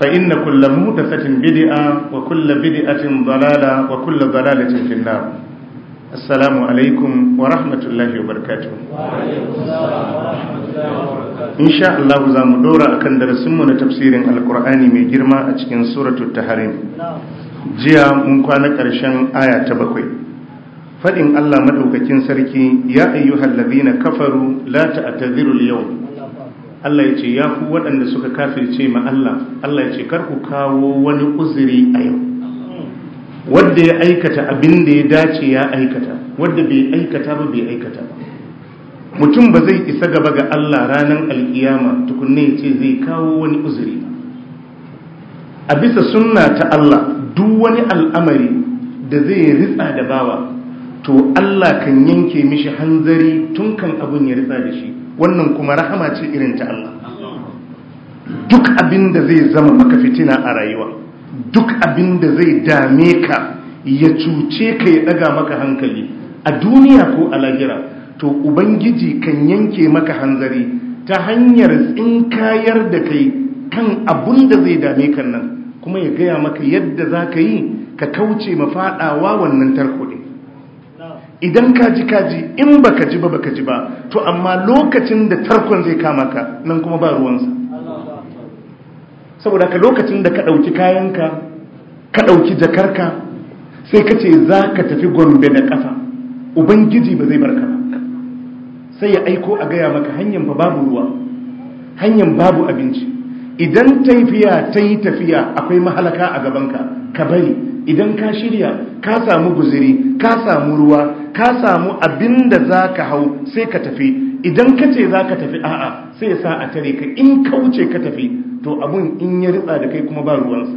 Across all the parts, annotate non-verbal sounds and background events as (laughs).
فإن كل مهدفة بدئة وكل بدئة ضلالة وكل ضلالة في النار السلام عليكم ورحمة الله وبركاته إن شاء الله زام دورا أكن درسمنا تفسير القرآن من جرما أتكين سورة التحريم جيا منقوانا كرشان آية تبقي فإن الله مدوكتين سركي يا أيها الذين كفروا لا تعتذروا اليوم Allah ya ce ya ku waɗanda suka kafirce ma Allah Allah ya ce kar ku kawo wani uzuri a yau wadda ya aikata abin da ya dace ya aikata wadda bai aikata ba bai aikata mutum ba zai isa gaba ga Allah ranar alkiyama tukunne ya ce zai kawo wani uzuri a bisa sunna ta Allah duk wani al'amari da zai ritsa da bawa to Allah kan yanke mishi hanzari tun kan abun ya ritsa da shi wannan kuma rahama ce irin ta Allah duk abin da zai zama maka fitina a rayuwa duk abin da zai dame ka ya cuce ka ya daga maka hankali a duniya ko a lahira to ubangiji kan yanke maka hanzari ta hanyar tsinkayar da kai kan abin da zai dame kan nan kuma ya gaya maka yadda za ka yi ka kauce mafaɗawa wannan tarkuɗin idan ka ji ka ji in baka ji ba baka ji ba to amma lokacin da tarkon zai kama ka nan kuma ba ruwansa saboda ka lokacin da ka ɗauki kayanka ka ɗauki jakarka sai ka ce za ka tafi gombe da ƙafa ubangiji ba zai barka ba sai ya aiko a gaya maka hanyar ba babu ruwa hanyar babu abinci idan tafiya ta yi tafiya akwai mahalaka a gabanka ka bari idan ka shirya ka samu guziri ka samu ruwa ka samu abin da za ka hau sai ka tafi idan ka ce za ka tafi a'a sai sa a tare ka in kauce ka tafi to abun in ya ritsa da kai kuma ba ruwansa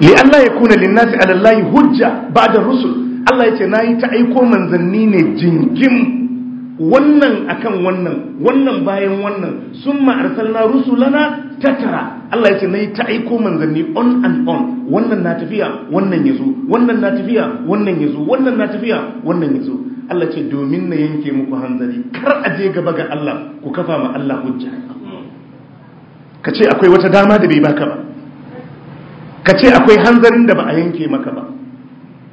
li Allah ya kuna linnasi alallahi hujja ba da rusul Allah ya ce na yi ta aiko manzanni ne jingim wannan akan wannan wannan bayan wannan sun ma'arsalna rusulana tara. Allah ya ce na yi ta aiko manzanni on and on wannan na tafiya wannan ya zo wannan na tafiya wannan ya zo wannan na tafiya wannan ya zo Allah ce domin na yanke muku hanzari kar a je gaba ga Allah ku kafa ma Allah hujja ka ce akwai wata dama da bai baka ba ka ce akwai hanzarin da ba a yanke maka ba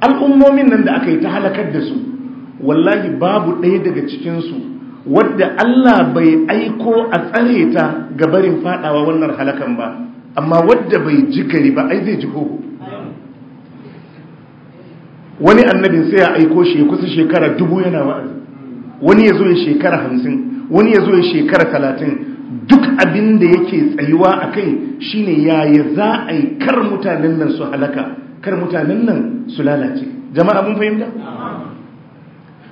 al'ummomin nan da aka yi ta halakar da su wallahi babu ɗaya daga cikinsu wadda Allah bai aiko a tsare ta ga barin fadawa wannan halakan ba amma wadda bai ji gari ba ai zai ji hoho wani annabin sai ya aiko shi ya kusa shekara dubu yana wa'azi wani ya zo ya shekara hamsin wani ya zo ya shekara talatin duk abin da yake tsayuwa a kai shine yaya za a yi kar mutanen nan su halaka kar mutanen nan su lalace jama'a mun fahimta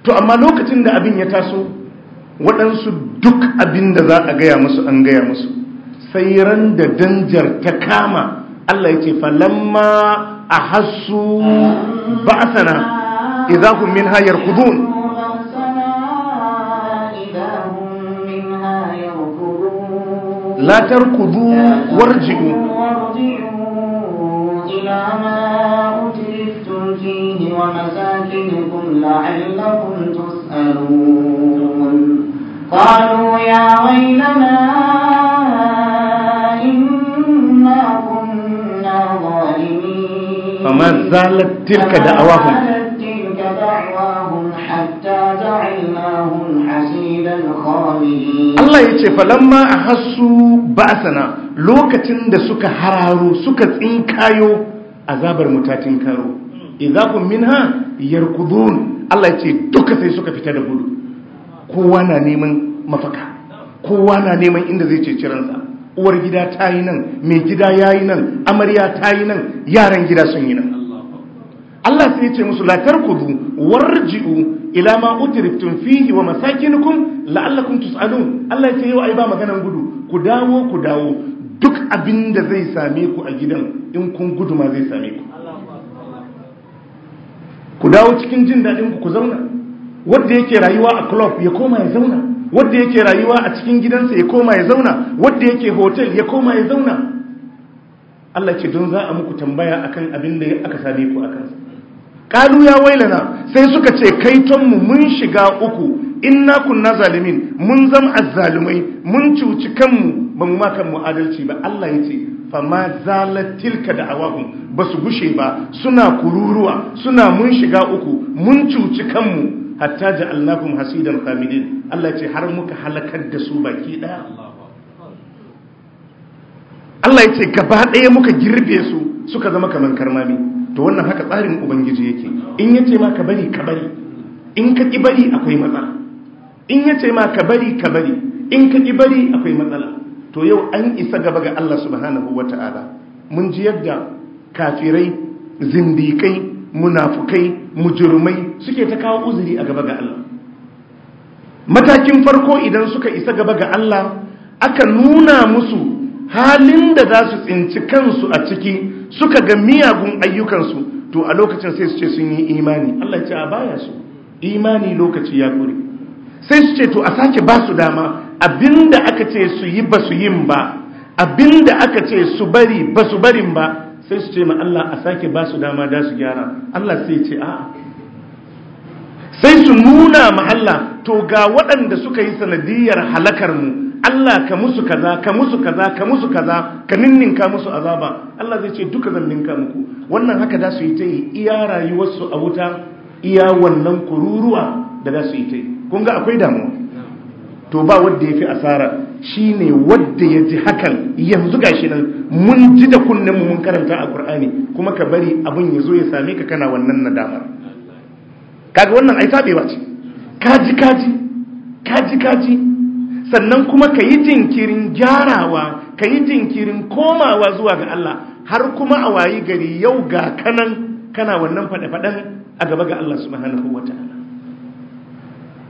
to amma lokacin da abin ya taso waɗansu duk abin da za a gaya musu an gaya musu sai ran da danjar ta kama Allah ya ce falamma a hasu ba'asana idahun min hayar kudun latar kudu warji'u فيه ومساكنكم لعلكم تسألون قالوا يا ويلنا إنا كنا ظالمين فما زالت تلك دعواهم Allah ya ce, "Falamma a hasu ba'asana lokacin da suka hararo suka tsinkayo azabar mutatin karo." idahum minha yarkudun Allah ce duka sai suka fita da gudu kowa na neman mafaka kowa na neman inda zai ce ciransa uwar gida ta yi nan mai gida ya yi nan amarya ta yi nan yaran gida sun yi nan Allah sai ce musu la tarkudu warji'u ila ma utriftum fihi wa masakinukum la'allakum tus'alun Allah ce yau ai ba maganan gudu ku dawo ku dawo duk abin da zai same ku a gidan in kun gudu ma zai same ku ku dawo cikin jin daɗin ku zauna wadda yake rayuwa a club ya koma ya zauna wadda yake rayuwa a cikin gidansa ya koma ya zauna wadda yake hotel ya koma ya zauna Allah ce don za a muku tambaya akan abin da aka same ku akan kalu ya wailana sai suka ce kaitonmu mun shiga uku inna kunna zalimin mun zama azzalumai mun cuci kanmu ba mu makan mu adalci ba Allah yace fa ma zalat tilka da ba su gushe ba suna kururuwa suna mun shiga uku mun cuci kanmu hatta ja'alnakum hasidan qamidin Allah yace har muka halakar da su baki daya Allah yace gaba daya muka girbe su suka zama kaman karmami to wannan haka tsarin ubangiji yake in yace ma ka bari ka bari in ka ki bari akwai matsala in ya ce ma ka bari ka bari in ka ki bari akwai matsala to yau an isa gaba ga Allah subhanahu wata'ala mun ji yadda kafirai zindikai munafukai mujurmai suke ta kawo uzuri a gaba ga Allah matakin farko idan suka isa gaba ga Allah aka nuna musu halin da za su tsinci kansu a ciki suka ga miyagun ayyukansu to a lokacin sai su ce sun yi imani Allah ce a baya su imani lokaci ya ƙure sai su ce to a sake ba su dama abinda aka ce su yi ba su yin ba abinda aka ce su bari ba su barin ba sai su ce ma Allah a sake ba su dama da su gyara Allah sai ce a sai su nuna ma Allah to ga waɗanda suka yi sanadiyar halakar mu Allah ka musu kaza ka musu kaza ka musu kaza ka ninninka musu azaba Allah zai ce duka zan ninka muku wannan haka da su yi ta yi iya rayuwarsu a wuta iya wannan kururuwa da da su yi ta yi kun ga akwai damu to ba wadda ya fi asara shi ne wadda ya ji hakan yanzu ga shi nan mun ji da kunnen mun karanta a ƙur'ani kuma ka bari abin ya zo ya same ka kana wannan nadamar kaga wannan ai sabewa ce kaji kaji kaji kaji sannan kuma ka yi jinkirin gyarawa ka yi jinkirin komawa zuwa ga Allah har kuma a wayi gari yau ga kanan kana wannan faɗe-faɗen a gaba ga Allah subhanahu wa ta'ala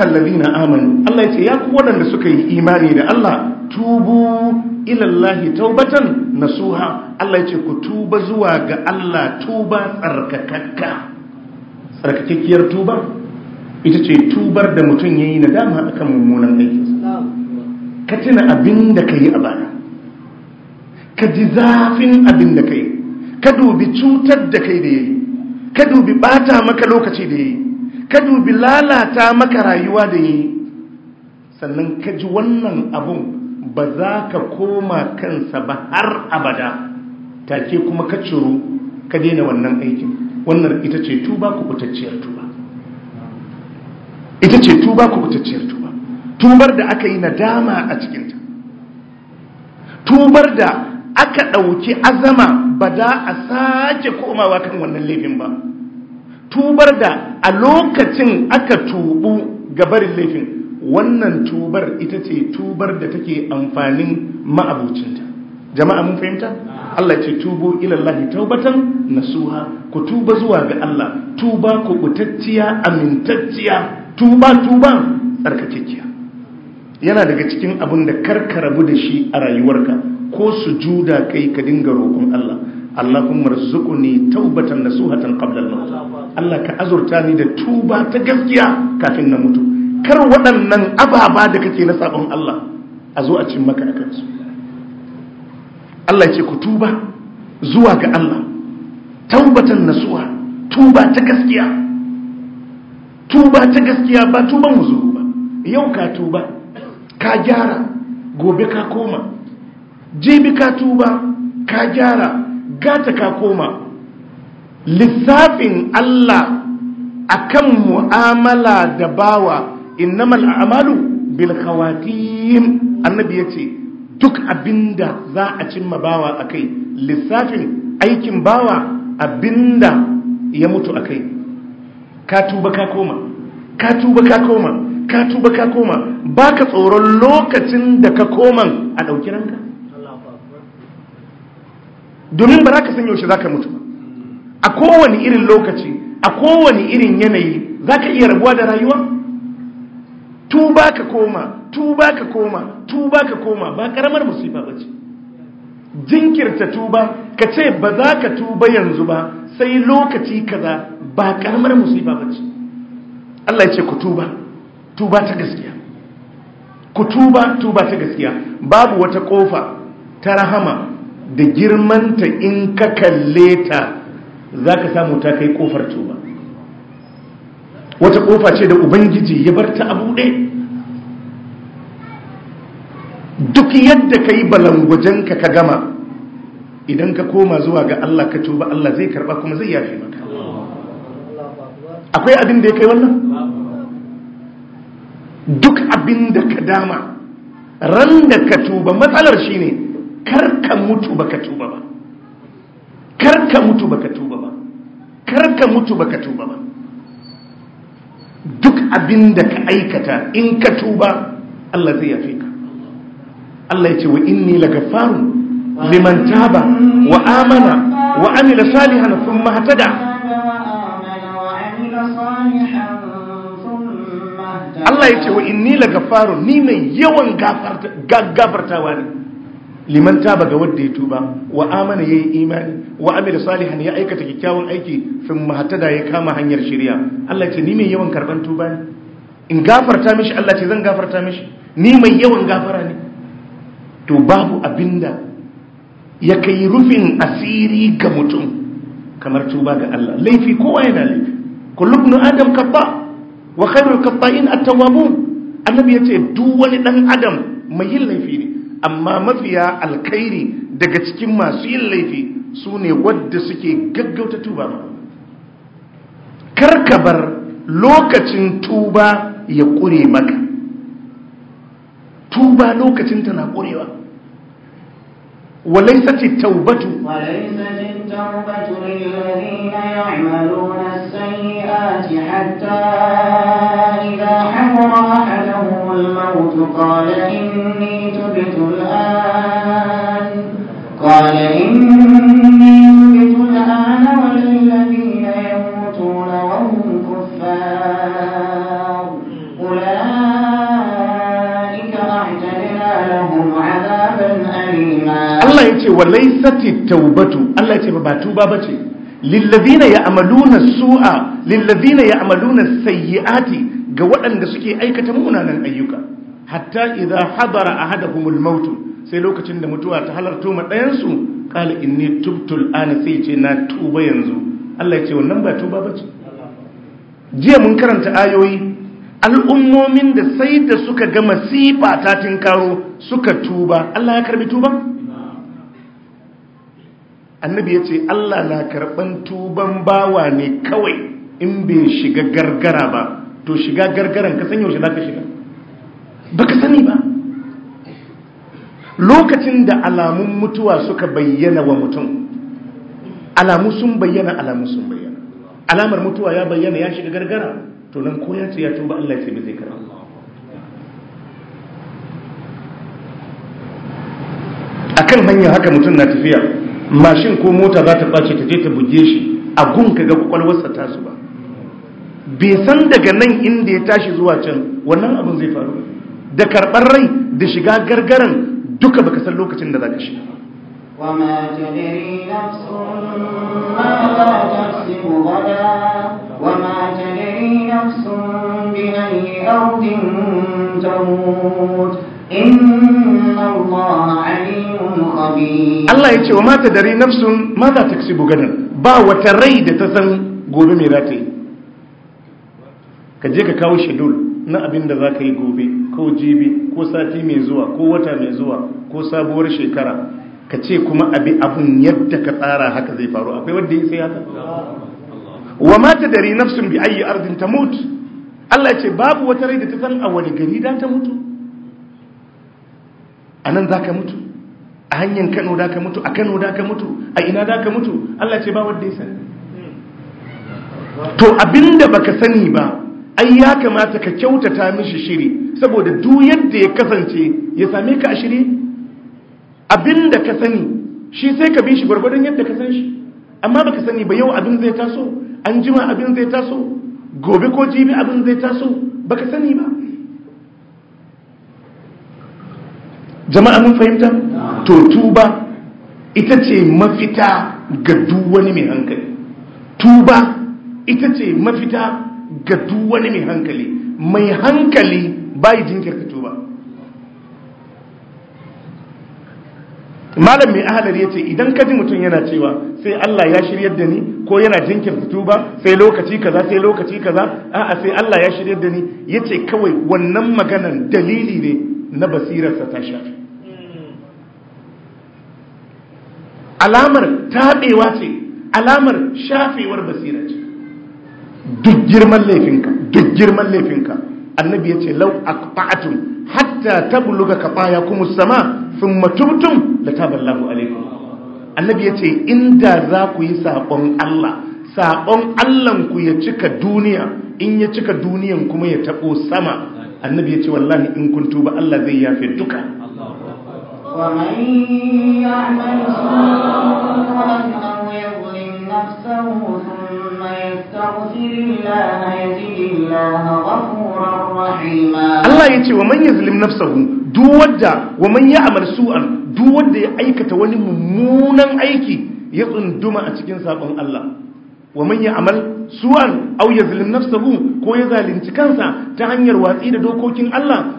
ayyuhallazina amanu Allah yace ya ku waɗanda suka yi imani da Allah tubu ilallahi Allah taubatan nasuha Allah yace ku tuba zuwa ga Allah tuba tsarkakakka tsarkakakkiyar tuba ita ce tubar da mutum yayi nadama akan mummunan aikinsa ka tuna abin da kai a bana ka ji zafin abin da kai ka dubi cutar da kai da yayi ka dubi bata maka lokaci da yayi ka dubi lalata maka rayuwa da yi sannan ka ji wannan abun ba za ka koma kansa ba har abada Ta ke kuma ka ciro ka daina wannan aikin wannan ita ce tuba ku kutacciyar tuba ita ce tuba ku kutacciyar tuba tubar da aka yi nadama a cikinta tubar da aka ɗauki azama ba da a sake komawa kan wannan laifin ba tubar da a lokacin aka tubu ga laifin wannan tubar ita ce tubar da take amfanin ma'abucinta jama'a mun fahimta Allah ce tubo ilallahi taubatan nasuha ku tuba zuwa ga Allah tuba ku kutacciya amintacciya tuba tuba tsarkakekkiya yana daga cikin abin da ka rabu da shi a rayuwarka ko sujuda kai ka dinga roƙon Allah Allahumma ne taubatan nasuhatan qabla al-maut Allah ka azurta ni da tuba ta gaskiya kafin na mutu kar waɗannan ababa da kake na sabon Allah a zo a cikin maka akan su Allah ce ku tuba zuwa ga Allah taubatan nasuha tuba ta gaskiya tuba ta gaskiya ba tuban huzuru ba yau ka tuba ka gyara gobe ka koma jibi ka tuba ka gyara gata ka koma lissafin Allah a kan mu'amala da bawa innamal a'malu bil khawatim annabi ce duk abinda za a cimma bawa akai lissafin aikin bawa abinda ya mutu akai ka tuba ka koma ka tuba ka koma ka tuba ka koma baka tsoron lokacin da ka koman a dauki ranka domin ba za ka san yaushe za ka mutu a kowane irin lokaci a kowane irin yanayi za ka iya rabuwa da rayuwa tuba ka koma tuba ka koma tuba ka koma ba karamar musifa ba ce jinkirta tuba ka ce ba za ka tuba yanzu ba sai lokaci kaza ba karamar musifa ba ce Allah ya ce ku tuba tuba ta gaskiya ku tuba tuba ta gaskiya babu wata kofa ta rahama da girman ta in ka kalle ta za ka samu ta kai kofar tuba wata kofa ce da ubangiji ya bar ta a buɗe duk yadda ka yi balangwajenka ka gama idan ka koma zuwa ga Allah ka tuba Allah zai karba kuma zai yafi maka akwai abin da ya kai wannan duk abin da ka dama ran da ka tuba matsalar shine karka mutu baka tuba ba karka mutu baka tuba ba karka mutu baka tuba ba duk abin da ka aikata in ka tuba Allah zai yafe ka Allah ya ce wa inni lagafarun liman taba wa amana wa amila salihan thumma hatada Allah ya ce wa inni lagafarun ni mai yawan gafartawa ne liman taba ga wadda ya tuba wa amana yayi imani wa amila salihan ya aikata kikkiawan aiki sun mahatada ya kama hanyar shari'a Allah ya ce ni mai yawan karban tuba ne in gafarta mishi Allah ce zan gafarta mishi ni mai yawan gafara ne to babu abinda ya kai rufin asiri ga mutum kamar tuba ga Allah laifi kowa yana laifi kullu adam kabba wa khairul kabba'in at-tawwabun annabi yace duk wani dan adam mai yin laifi ne amma mafiya alkhairi daga cikin masu yin laifi su ne wadda suke gaggauta tuba ba karkabar lokacin tuba ya ƙure maka tuba lokacin tana ƙurewa وليست التوبة وليست التوبة للذين يعملون السيئات حتى الْمَوْتُ قَالَ إِنِّي تُبْتُ الْآنَ قَالَ إِنِّي تُبْتُ الْآنَ وللذين يَمُوتُونَ وَهُمْ كُفَّارٌ أُولَئِكَ أَعْتَدْنَا لَهُمْ عَذَابًا أَلِيمًا الله يتي وَلَيْسَتِ التَّوْبَةُ الله يتي ba توبة للذين يعملون السوء للذين يعملون السيئات ga waɗanda suke aikata munanan ayyuka hatta idza hadara ahadahumul maut sai lokacin da mutuwa ta halarto ma ɗayan su qala inni tubtu al'ana sai ce na tuba yanzu Allah ya ce wannan ba tuba bace jiya mun karanta ayoyi al'ummomin da sai da suka ga masifa ta tinkaro suka tuba Allah ya karbi tuba? annabi ya ce Allah na karban tuban bawa ne kawai in bai shiga gargara ba to shiga gargaran ka san shi za ka shiga ba ka sani ba lokacin da alamun mutuwa suka bayyana wa mutum alamu sun bayyana alamu sun bayyana alamar mutuwa ya bayyana ya shiga gargara to nan ko ya ce ya tuba Allah ya ce ba zai A akan hanya haka mutum na tafiya mashin ko mota za ta ɓace ta je ta buge shi a gun ka ga kwakwalwarsa ta su ba bai san daga nan inda ya tashi zuwa can wannan abin zai faru da karɓar rai da shiga gargaran duka baka san lokacin da za ka shi Allah ya ce wa mata dari nafsun sun za ta kasi ba wata rai da ta san gobe mai rataye ka je ka kawo shedul na abin da za ka yi gobe ko jibi ko sati mai zuwa ko wata mai zuwa ko sabuwar shekara ka ce kuma abi abun yadda ka tsara haka zai faru akwai wanda ya sai haka wa mata dari nafsun bi ayi ardin mutu? Allah ce babu wata rai da ta san a wani gari da ta mutu a nan za ka mutu a hanyar Kano da ka mutu a Kano da ka mutu a ina da ka mutu Allah ce ba wanda ya sani to abinda baka sani ba ai ya kamata ka kyautata mishi shiri saboda duk yadda ya kasance ya same ka a shiri abinda ka sani shi sai ka bi shi gwargwadon yadda ka san shi amma baka sani ba yau abin zai taso an jima abin zai taso gobe ko jibi abin zai taso baka sani ba jama'a mun fahimta to tuba ita ce mafita ga duk wani mai hankali tuba ita ce mafita ga duk wani mai hankali mai hankali bai jinkirta tuba malam mai ahalar ya ce idan kaji mutum yana cewa sai Allah ya shirya da ni ko yana jinkirta tuba sai lokaci kaza sai lokaci kaza a'a sai Allah ya shiryar da ni Ya ce kawai wannan maganan dalili ne na basirarsa ta shafi alamar taɓewa ce alamar shafewar basira ce duk girman laifinka duk girman laifinka annabi ya ce lau aqta'tum hatta tabluga qatayakum kuma sama sun thumma da lataballahu alaykum annabi ya ce inda za ku yi saƙon Allah saƙon Allah ku ya cika duniya in ya cika duniyan kuma ya taɓo sama annabi ya ce wallahi in kun tuba Allah zai yafe duka ومن يعمل يظلم نفسه allah ya ce wa manyan غفورا na الله duwadda wa man ya'mal su'an duk ya aikata wani mummunan aiki ya tsunduma a cikin saƙon Allah wa man ya'mal su'an aw na nafsuhu ko ya zalunci kansa ta hanyar watsi da dokokin Allah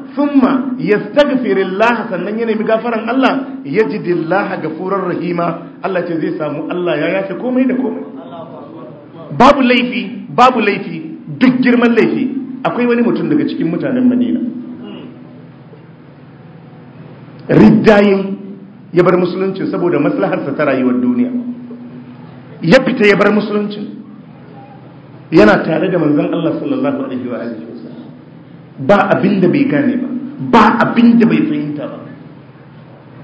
ya fere laha sannan ya nemi gafaran Allah ya ga gafurar rahima Allah ce zai samu Allah ya yafe komai da komai babu laifi babu laifi duk girman laifi akwai wani mutum daga cikin mutanen madina riddayin ya bar musulunci saboda maslaharsa ta rayuwar duniya ya fita ya bar musulunci yana tare da manzon Allah sallallahu alaihi wa alihi ba abinda bai gane ba ba abinda bai fahimta ba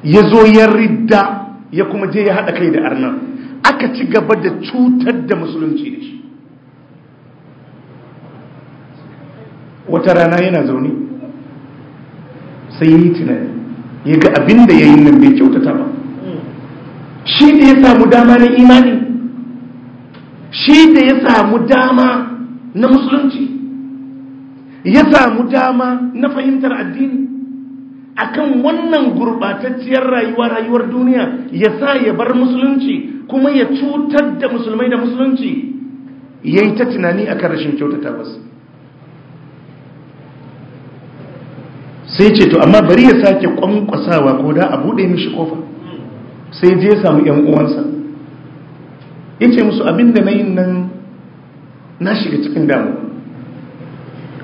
ya zo ya ridda ya kuma je ya haɗa kai da arna aka ci gaba da cutar da musulunci da shi wata rana yana zaune sai yi tunani ya ga abin da ya yi nan bai kyautata ba shi da ya samu dama na imani shi da ya samu dama na musulunci ya samu dama na fahimtar addini akan wannan gurbatacciyar rayuwa rayuwar duniya ya sa ya bar musulunci kuma ya cutar da musulmai da musulunci ya yi ta tunani akan rashin kyautata wasu sai ce to amma bari ya sake kwankwasawa ko da a buɗe mishi kofa sai je samu ‘yan uwansa ya ce musu abin da na yin nan na shiga cikin damu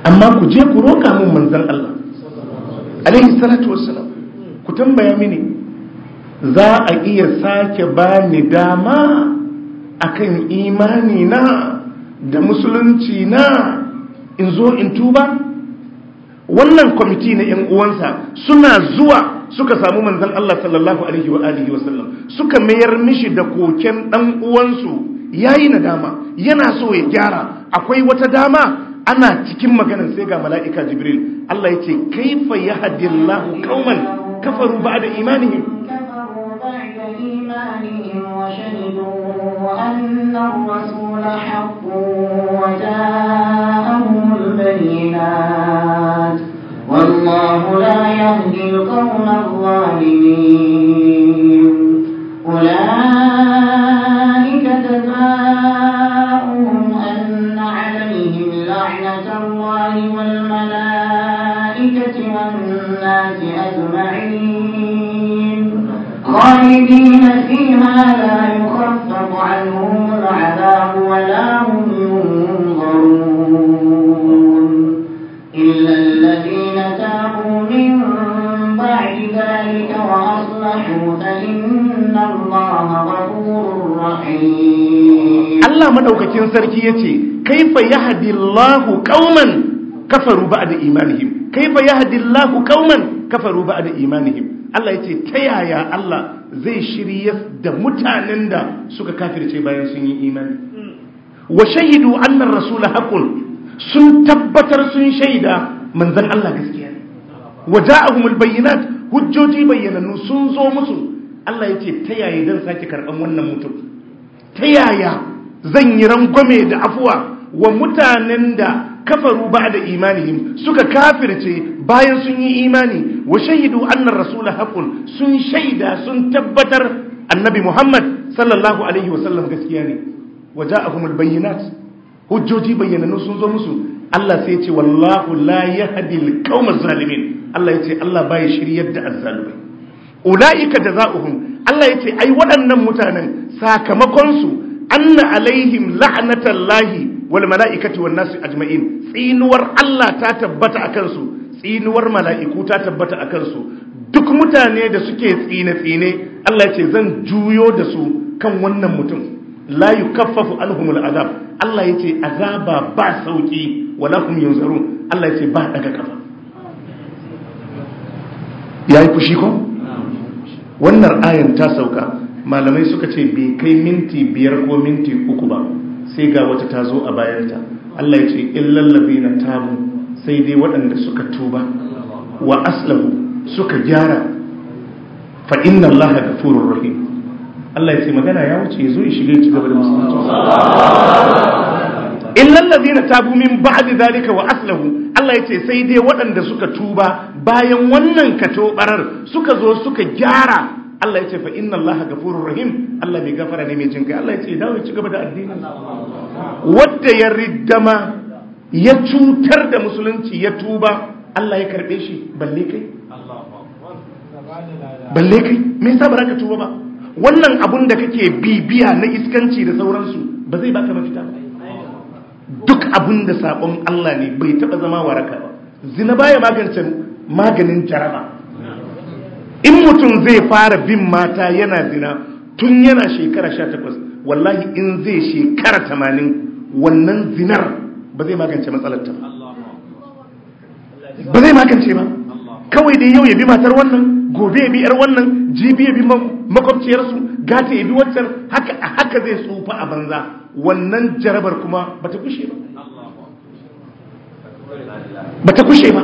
amma ku je ku roƙa mun manzan Allah alaihi salatu wassalam ku tambaya mini za a iya sake ba ni dama akan imani na da musulunci na in zo in tuba wannan kwamiti na 'yan uwansa suna zuwa suka samu manzan Allah sallallahu alaihi wa alihi suka mayar mishi da koken ɗan uwansu yayi dama, yana so ya gyara akwai wata dama ana cikin maganan sai ga mala'ika jibril Allah ya ce kaifa ya hadillahu ƙauman kafaru ba da imani. والله لا يهدي madaukakin sarki yace kaifa yahdillahu qauman kafaru ba'da imanihim kaifa yahdillahu qauman kafaru ba'da imanihim Allah ce ta yaya Allah zai shirya da mutanen da suka kafirce bayan sun yi imani wa shahidu anna rasula haqqun sun tabbatar sun shaida manzon Allah gaskiya ne wa a al-bayyinat hujjoji bayyanannu sun zo musu Allah yace ta yaya dan sake karɓan wannan mutum ta yaya zan yi rangwame da afuwa wa mutanen da kafaru ba da imanihim suka kafirce bayan sun yi imani wa shaidu annar rasul haqqun sun shaida sun tabbatar annabi muhammad sallallahu alaihi wasallam gaskiya ne waja'ahumul bayyinat hujjoji bayyananu sun zo musu Allah sai ya ce wallahu la yahdi al zalimin Allah ya ce Allah baya shiryar da azzalimai ulaika jazaohum Allah ya ce ai waɗannan mutanen sakamakon su anna alaihim la'natallahi wal mala'ikati wan nasi ajma'in tsinuwar Allah ta tabbata akan su tsinuwar mala'iku ta tabbata akan su duk mutane da suke tsine tsine Allah yace zan juyo da su kan wannan mutum la yukaffafu anhumul azab Allah yace azaba ba sauki wala hum yunzarun Allah yace ba daga kafa yayi fushi ko wannan ayan ta sauka malamai suka ce bai kai minti biyar ko minti uku ba sai ga wata ta zo a bayanta Allah ya ce illallabi na tabu sai dai waɗanda suka tuba wa aslahu suka gyara fa inna Allah gafurur rahim Allah ya ce magana ya wuce ya zo ya shiga ci gaba da musulunci (laughs) illal na tabu min ba'di zalika wa aslahu Allah ya ce sai dai waɗanda suka tuba bayan wannan katobarar suka zo suka gyara Allah ya ce fa inna Allah gafurur rahim Allah mai gafara ne mai jin kai Allah ya ce dawo ci gaba da addini wanda ya riddama ya cutar da musulunci ya tuba Allah ya karbe shi balle kai balle kai me yasa ba ka tuba ba wannan abun da kake bibiya na iskanci da sauransu ba zai baka mafita ba duk abun da sabon Allah ne bai taba zama waraka ba zina baya magance maganin jaraba in mutum zai fara bin mata yana zina tun yana shekara 18 wallahi in zai shekara 80 wannan zinar ba zai magance matsalarta ba ba zai magance ba kawai dai yau ya bi matar wannan gobe ya bi yar wannan jibi ya bi makwabciyarsu gata ya bi wancan haka haka zai tsufa a banza wannan jarabar kuma ba ta kushe ba ba ta kushe ba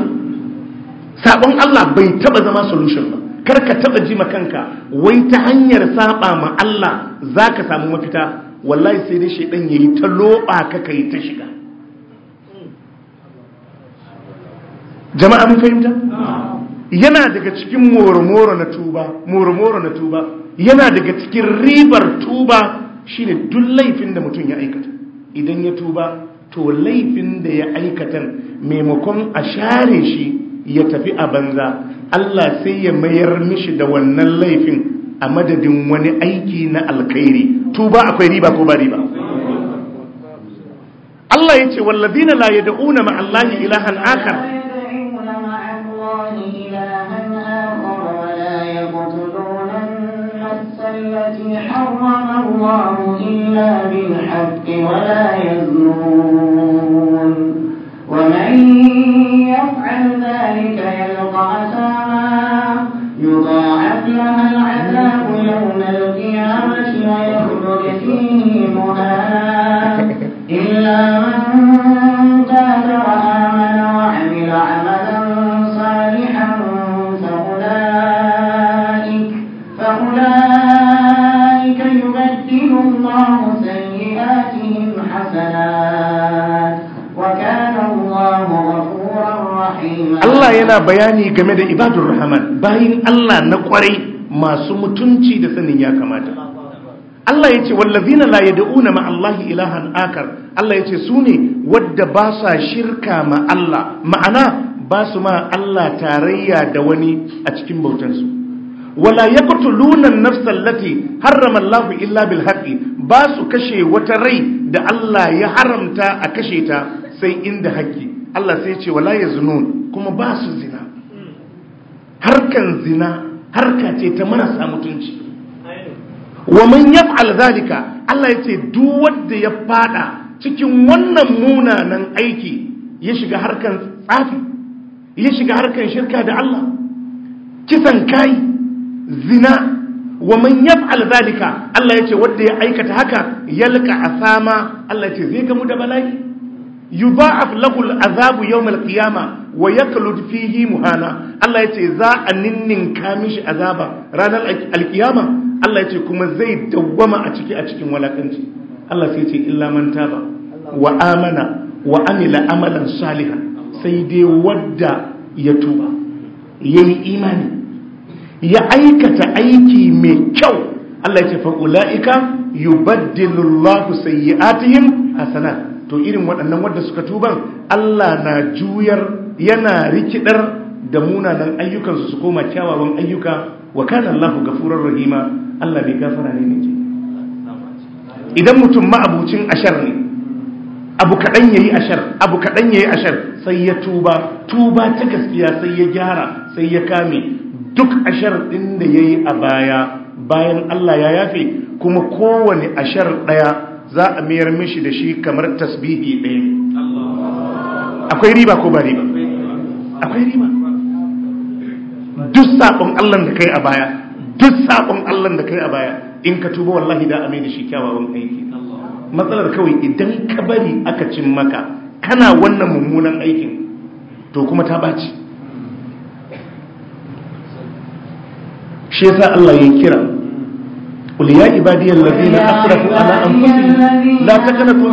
sabon Allah bai taba zama solution ba kar ka taba ji kanka wai ta hanyar saba ma Allah zaka samu mafita wallahi sai dai shedan yayi ta loba ka kai ta shiga jama'a mun fahimta yana daga cikin moromoro na tuba moromoro na tuba yana daga cikin ribar tuba shine duk laifin da mutum ya aikata idan ya tuba to laifin da ya aikatan maimakon a share shi ya tafi a banza Allah sai ya mayar mishi da wannan laifin a madadin wani aiki na alkhairi tuba akwai riba ko ba riba Allah ya ce walladina la yad'una ma'a Allah ilahan akhar التي حرم الله إلا بالحق ولا يزنون ومن يفعل ذلك يلقى أثاما يضاعف لها العذاب يوم القيامة ويخلد فيه مهانا إلا من تاب وآمن وعمل عملا صالحا فأولئك فأولئك يبدل الله سيئاتهم حسنات Allah yana bayani game da ibadun rahman bayan Allah na kwarai masu mutunci da sanin ya kamata Allah ya ce wallazina la yad'una ma Allah ilahan akar Allah ya ce su ne wadda ba sa shirka ma Allah ma'ana ba su ma Allah tarayya da wani a cikin bautansu wala ya kutulunan nafsan lati haramar lafi illa bil haƙi ba su kashe wata rai da Allah ya haramta a kashe ta sai inda haƙi Allah sai ce wala yaznun kuma ba su zina harkan zina harka ce ta marasa mutunci wa man yaf'al zalika Allah yace duk wanda ya fada cikin wannan munanan aiki ya shiga harkan tsafi ya shiga harkan shirka da Allah kisan kai zina wa man yaf'al zalika Allah yace wanda ya aikata haka yalka asama Allah yace zai gamu da bala'i Yuba lahu al'azabu yawm al-qiyama wa yaklud fihi muhana Allah yace za a ninninka mishi azaba ranar al Allah yace kuma zai dawwama a ciki a cikin walakanci Allah sai yace illa man taba wa amana wa amila amalan salihan sai dai wadda ya tuba yayi imani ya aikata aiki mai kyau Allah ya ce fa ulaika yubaddilullahu sayyi'atihim hasanat to irin waɗannan wadda suka tuban Allah na juyar yana rikidar da munanan ayyukansu su koma kyawawan ayyuka wa kana Allahu gafurar rahima Allah bai gafara ne ne idan mutum ma'abucin ashar ne abu kaɗan ya yi ashar abu kaɗan ya yi ashar sai ya tuba tuba ta gaskiya sai ya gyara sai ya kame duk ashar ɗin da ya yi a baya bayan Allah ya yafe kuma kowane ashar ɗaya za a mayar mishi da shi kamar tasbihi ɗaya akwai riba ko ba riba akwai riba duk saɓon allon da kai a baya duk saɓon allon da kai a baya in ka tuba wallahi da a mai da shi kyawawan aiki matsalar kawai idan ka bari aka cin maka kana wannan mummunan aikin to kuma ta ɓaci shi yasa allah ya kira قل يا عبادي الذين أسرفوا على أنفسهم لا تقنطوا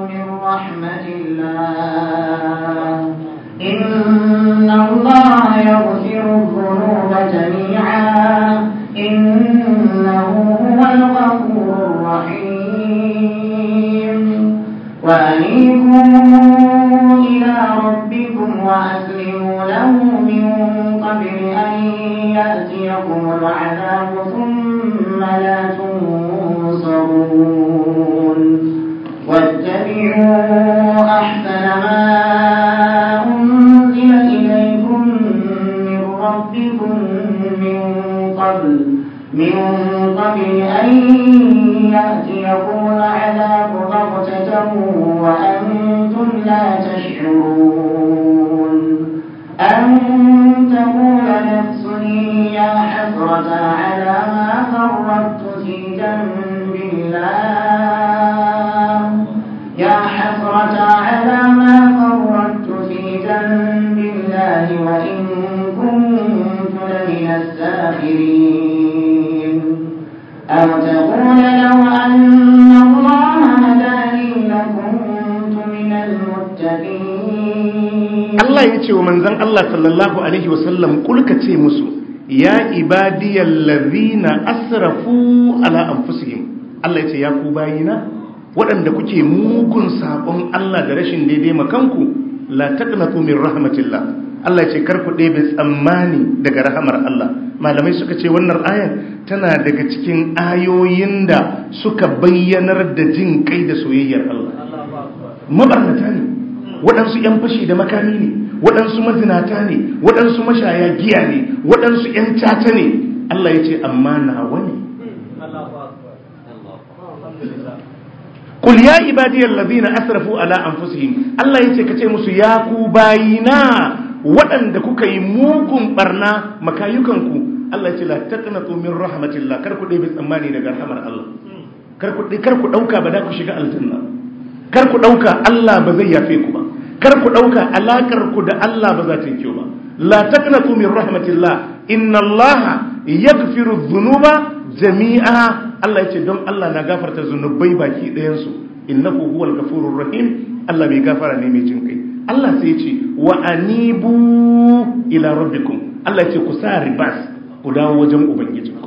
من رحمة إن الله يغفر الذنوب جميعا إنه هو الغفور الرحيم وأنيبوا إلى ربكم وأسلموا له قبل أن يأتيكم العذاب ثم لا تنصرون واتبعوا أحسن ما أنزل إليكم من ربكم من قبل من قبل أن يأتيكم العذاب بغتة وأنتم لا تشعرون أن تَقُولَ نَفْسٌ يَا حَسْرَتَ عَلَىٰ مَا فَرَّطتُ فِي جَنبِ اللَّهِ وَإِن كُنتُ لَمِنَ السَّاخِرِينَ أَوْ تَقُولَ لَوْ أَنَّ Allah ya ce wa manzan Allah sallallahu Alaihi wasallam kulka ce musu ya ibadiyar na asrafu ala anfusihim Allah ya ce ya ku bayina waɗanda kuke mugun sabon Allah da rashin daidai makanku la taqnatu min rahmatillah Allah ya ce karku ɗebe tsammani daga rahamar Allah malamai suka ce wannan ayar tana daga cikin ayoyin da suka bayyanar da jin kai da soyayyar Allah mabarnata ne waɗansu 'yan fashi da makami ne waɗansu mazinata ne waɗansu mashaya giya ne waɗansu 'yan tata ne Allah ya ce amma na wani Kul ibadiyar lazina asrafu ala anfusihim Allah ya ce ka ce musu ya ku bayina waɗanda kuka yi mugun ɓarna makayukanku Allah ya ce la taqnatu min la. kar kuɗe bai tsammani daga rahamar Allah kar ku ɗauka ba da ku shiga aljanna kar ku ɗauka Allah ba zai yafe ku ba kar ku ɗauka alaƙar ku da Allah ba za ta yi ba la taqnatu min rahmatillah inna Allah yaghfiru dhunuba jami'a Allah yace don Allah na gafarta zunubai baki ɗayan su innahu huwal ghafurur rahim Allah bai gafara ne mai jin kai Allah sai yace wa anibu ila rabbikum Allah yace ku sa ribas ku dawo wajen ubangiji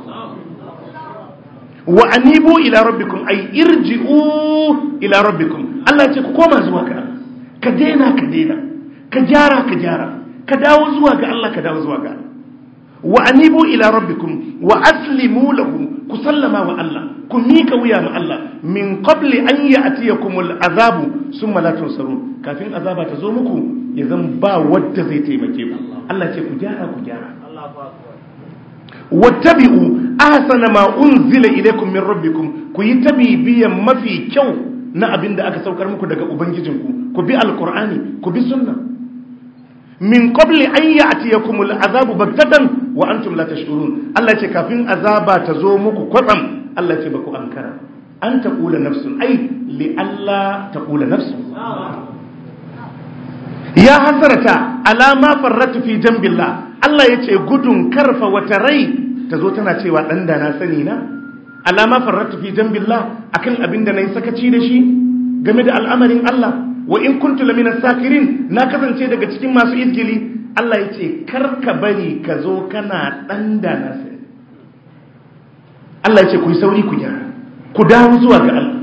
wa anibu ila rabbikum ay irji'u ila rabbikum Allah ce ku koma zuwa ga Allah ka daina ka daina ka gyara ka jara. ka dawo zuwa ga Allah ka dawo zuwa ga wa anibu ila rabbikum wa aslimu lahu ku sallama wa Allah ku mika wuya ma Allah min qabli an kumul azabu sun la tunsarun kafin azaba ta zo muku ya zan ba wadda zai taimake ku Allah ce ku jara ku gyara wattabi'u ahsana ma unzila ilaykum min rabbikum ku yi tabibiyan mafi kyau na abin da aka saukar muku daga ubangijinku ku bi alqur'ani ku bi sunna min qabli an ya'tiyakum al'azabu baghtatan wa antum la tash'urun Allah ce kafin azaba ta zo muku kwatsam Allah ce baku ankara an taqula nafsun ai li Allah taqula nafsun ya hasarata alama farratu fi jambillah Allah yace gudun karfa wata rai ta zo tana cewa ɗan da na sani na alama farratu fi a kan abin da na yi sakaci da shi game da al'amarin Allah wa in kuntu lamina sakirin na kasance daga cikin masu izgili Allah ya ce karka bari ka zo kana ɗan da na sani Allah ya ce ku yi sauri ku gyara ku dawo zuwa ga Allah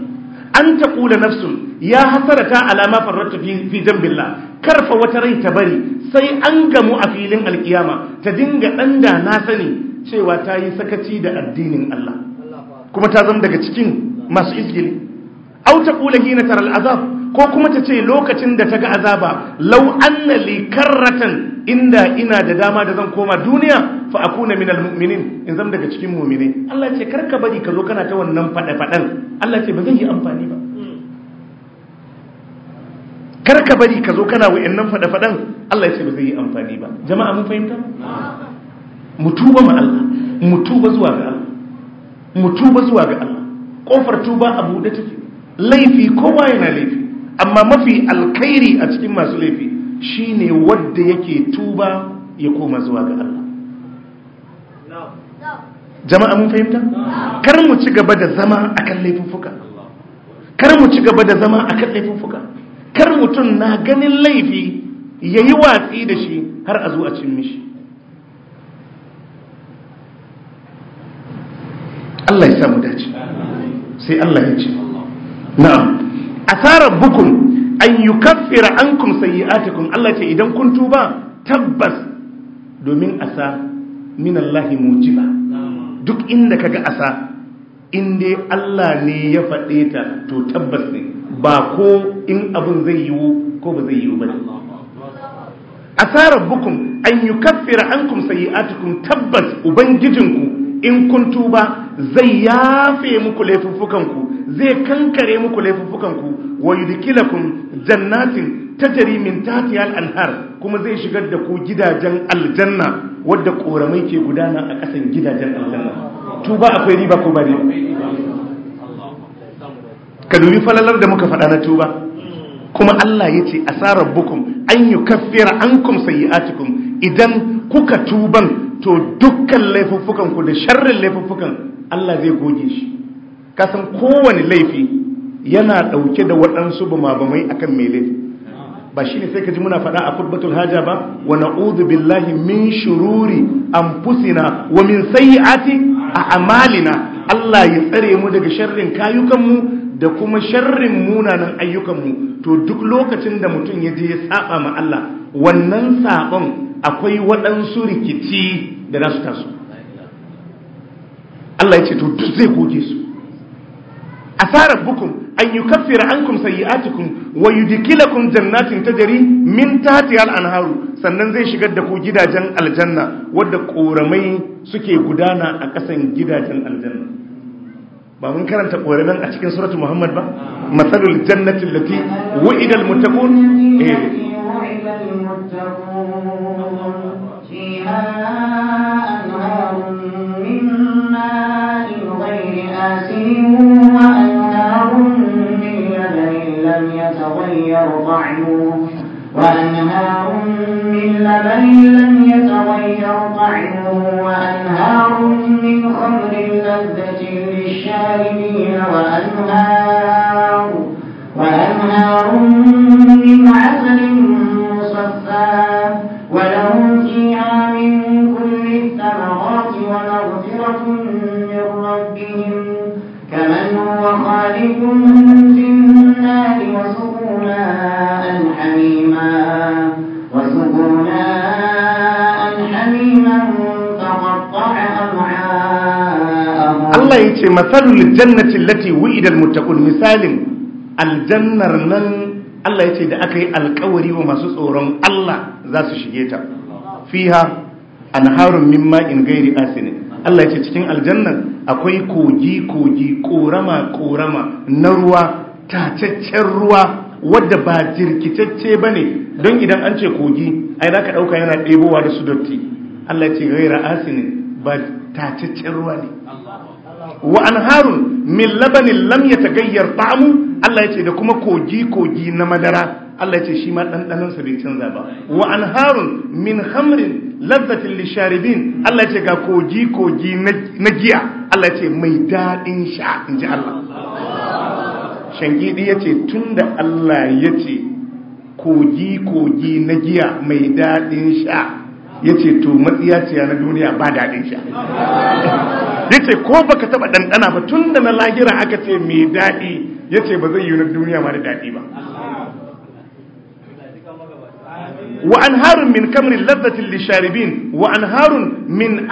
an ƙula nafsun ya hasarata alama farratu fi dambillah karfa wata rai ta bari sai an gamu a filin alkiyama ta dinga da na sani cewa ta yi sakaci da addinin Allah kuma ta zama daga cikin masu isgili au ƙula hina taral azab ko kuma ta ce lokacin da ta ga azaba lau anna li karratan inda ina da dama da zan koma duniya fa akuna minal mu'minin in zama daga cikin mu'mine Allah ce karka bari ka zo kana ta wannan fada fadan Allah ce ba zan yi amfani ba karka bari ka zo kana wayannan fada fadan Allah ya ce ba zai yi amfani ba jama'a mun fahimta mu tuba ma Allah mu tuba zuwa ga Allah mu tuba zuwa ga Allah kofar tuba a buɗe take laifi kowa yana laifi amma mafi alkhairi a cikin masu laifi shine wanda yake tuba ya koma zuwa ga Allah jama'a mun fahimta kar mu ci gaba da zama akan laifuffuka kar mu ci gaba da zama akan laifuffuka kar mutum na ganin laifi yayi watsi da shi har a zuwa a cin mishi Allah ya samu dace sai Allah ya ce na'am asarar bukun an yi kafira an kum sayi'atikum Allah ce idan kun tuba tabbas domin asa minallahi mujiba duk inda kaga asa in Allah ne ya faɗe ta to tabbas ne ba ko in abin zai yiwu ko ba zai yiwu ba asarar bukun an yi kafira an kum sayi'atikum tabbas ubangijinku in kun tuba zai yafe muku laifuffukanku zai kankare muku laifuffukanku wa yudkilakum jannatin tajri min tahtiha al-anhar kuma zai shigar da ku gidajen aljanna wadda koramai ke gudana a kasan gidajen aljanna tuba akwai riba ko bari ka dubi falalar da muka faɗa na tuba kuma Allah ya ce asarar bukum an yi ankum an kum sayi'atikum idan kuka tuban to dukkan laifuffukan ku da sharrin laifuffukan Allah zai goge shi kasan kowane laifi yana ɗauke da waɗansu mabamai akan mai laifi ba shi ne sai ka ji muna faɗa a khutbatul haja ba wa na'udhu billahi min shururi anfusina wa min sayyiati a'malina Allah ya tsare mu daga sharrin kayukanmu da kuma sharrin munanan ayyukanmu to duk lokacin da mutum ya je ya saba ma Allah wannan sabon akwai waɗansu rikici da nasu taso Allah ya ce to duk zai goge su asarar bukum an yi kafira an kum sayi'atikum wa kun jannatin ta jari min tahtiha al-anharu sannan zai shigar da ku gidajen aljanna wadda ƙoramai suke gudana a ƙasan gidajen aljanna ba mun karanta ƙoramin a cikin suratu muhammad ba matsalul jannatin lati wa'idal mutakun eh فيها أنهار من ماء غير آسر وأنهار من لبن لم يتغير طعمه وأنهار من لبن لم يتغير طعمه وأنهار من خمر لذة للشاربين وأنهار وأنهار من عسل صَفًّا ولهم فيها من كل الثمرات ومغفرة من ربهم كمن هو خالق في النار وسقوا ماء حميما, وسقوا حميما فقطع أمعاءهم الله يتي مثل الجنة التي وئد المتقون مثال الجنة من Allah ya ce da aka yi alkawari wa masu tsoron Allah za su shige ta fiha anharun min ma'in gairi asini Allah ya ce cikin aljannan akwai kogi kogi korama korama na ruwa tacaccen ruwa wadda ba jirkitacce ba ne don idan an ce kogi ai za ka ɗauka yana ɗebowa da su dotti Allah ya ce gaira asinin ba tacaccen ruwa ne wa anharun min labanin lam ya tagayyar ta'amu Allah ya ce da kuma kogi kogi na madara Allah ya ce shi ma ɗanɗanansa bai canza ba wa harun min hamrin lazzatin lisharibin Allah ya ce ga kogi kogi na giya Allah ya ce mai daɗin sha in ji Allah shangidi ya ce tun da Allah ya ce kogi kogi na giya mai daɗin sha ya ce to ce na duniya ba daɗin sha ya ce ko baka taɓa ɗanɗana ba tun da na lagira aka ce mai daɗi ya ce ba zai yi na duniya ma da daɗi ba wa harun min kamrin lazzatin lisharibin wa harun min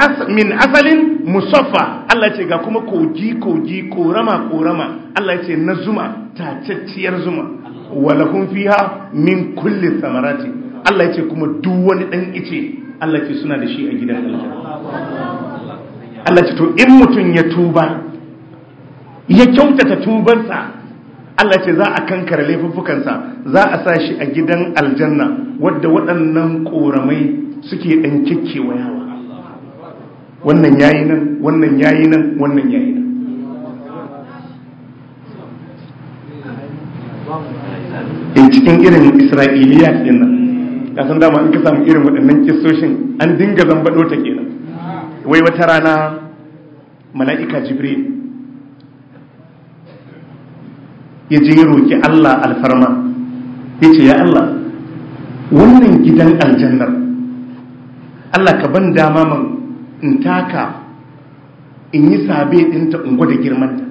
asalin musaffa Allah ce ga kuma kogi kogi korama korama Allah ce na zuma tacacciyar zuma walakun fiha min kulle samarati Allah ce kuma duk wani ɗan ice Allah ce suna da shi a gidan Allah Allah ce to in mutum ya tuba ya kyautata tubansa Allah ce za a kankara laifuffukansa za a sa shi a gidan aljanna wadda waɗannan ƙoramai suke ɗan yawa wannan yayi nan wannan yayi nan wannan yayi nan in eh, cikin irin isra'iliya kenan ya san dama in ka samu irin waɗannan kistoshin an dinga zambaɗo ta kenan wai wata rana mala'ika jibril ya je ya roki Allah alfarma ya ce ya Allah wannan gidan aljannar Allah ka ban dama man in taka in yi sabe ɗinta in gwada girmanta